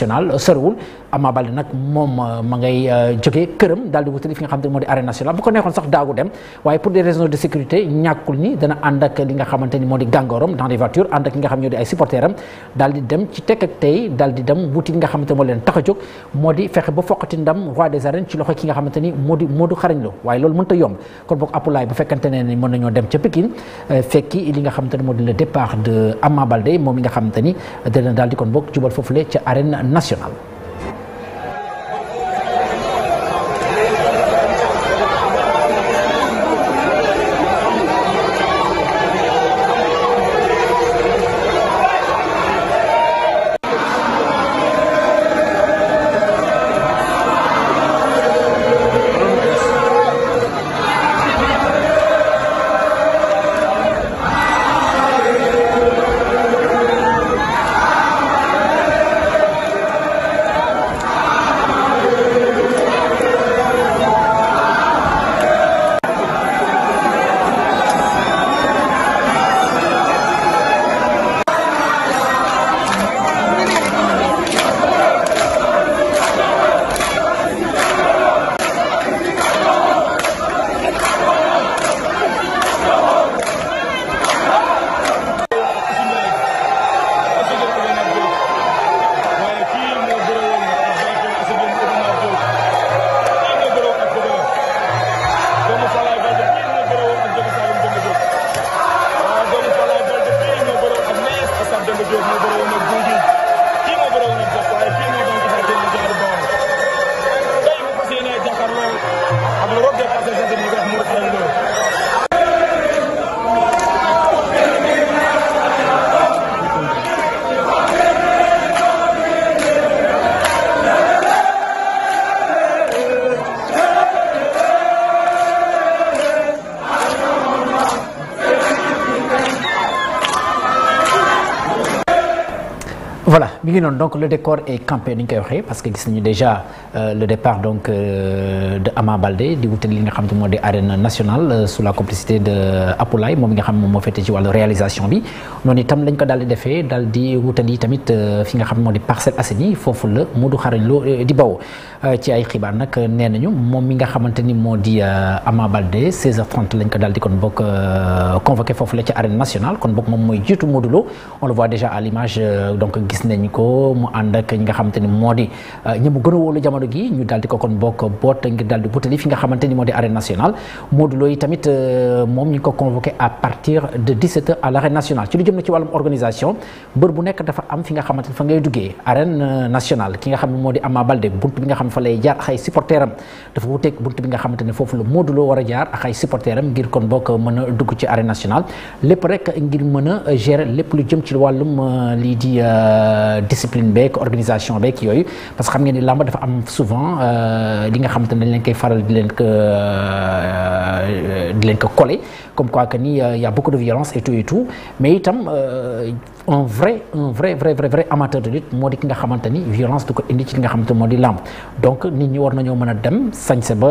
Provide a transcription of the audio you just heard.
nationale soriwul Ama Baldé moom euh, ma ngay euh, këram daal di wutali fi nga xam moo di arène nationale ko neexoon sax daagu dem waaye pour des raisons de sécurité ñàkkul ni dana ànd li nga xamante moo di gàngooram dans di ay supporters li nga xamante moo a jóg moo di xarañ lo waaye loolu mënta yomb kon boog apulaay bu fekkante ne ni mën nañoo dem ca Pikine euh, fekki li nga xamante moo di le départ de Ama Baldé moom mi nga xamante dana daal kon boog jubal nationale. Diop voilà mi ngi noonu donc le décor est campé ni ñu koy waxee parce que gis nañu déjà euh, le départ donc euh, de Ama Baldé di wutali li nga xam te moo di arène nationale euh, sous la complicité de Apoulaye moom mi nga xam moom moo féete ci wàllu bi noonu itam lañ ko daal di defee daal di wutali tamit fi nga xam moo di Parcelles Assainies foofu la Modou Xarañ Lo di ay xibaar nag nee nañu moom mi nga xamante ni moo di Ama Baldé 16 lañ ko daal di kon bokk convoqué foofu la ci arène nationale kon bokk moom mooy jiitu Modou Lo on le voit déjà à l'image donc gis nañ ko mu ànd ak ñi nga xamante ni moo di euh, ñi mu gën a wóolu jamono gi ñu daal ko kon bokk boot ngir daal euh, bu nekk dafa fi nga xamante ni fa ngay euh, nationale ki nga xam bunt bi nga xam fa lay jaar ak ay supporteram dafa wuteeg bunt bi nga xamante ne foofu la Modou Lo war a jaar ak ay supporteram ngir kon bokk mën a dugg ci arène nationale lépp rek ngir mën a gérer lépp lu jëm ci wàllum lii di Euh, discipline beeg organisation beeg yooyu parce que xam ngeen ni làmb dafa am souvent euh, li nga xamante leen koy faral di leen ko euh, di leen ko coller comme quoi que ni y a beaucoup de violence et tout et tout mais itam un vrai un vrai vrai vrai amateur de lutte moo di ki nga xamante ni violence du ko indi ci li nga xamante moo di làmb donc nit ñi war nañoo mën a dem sañse ba.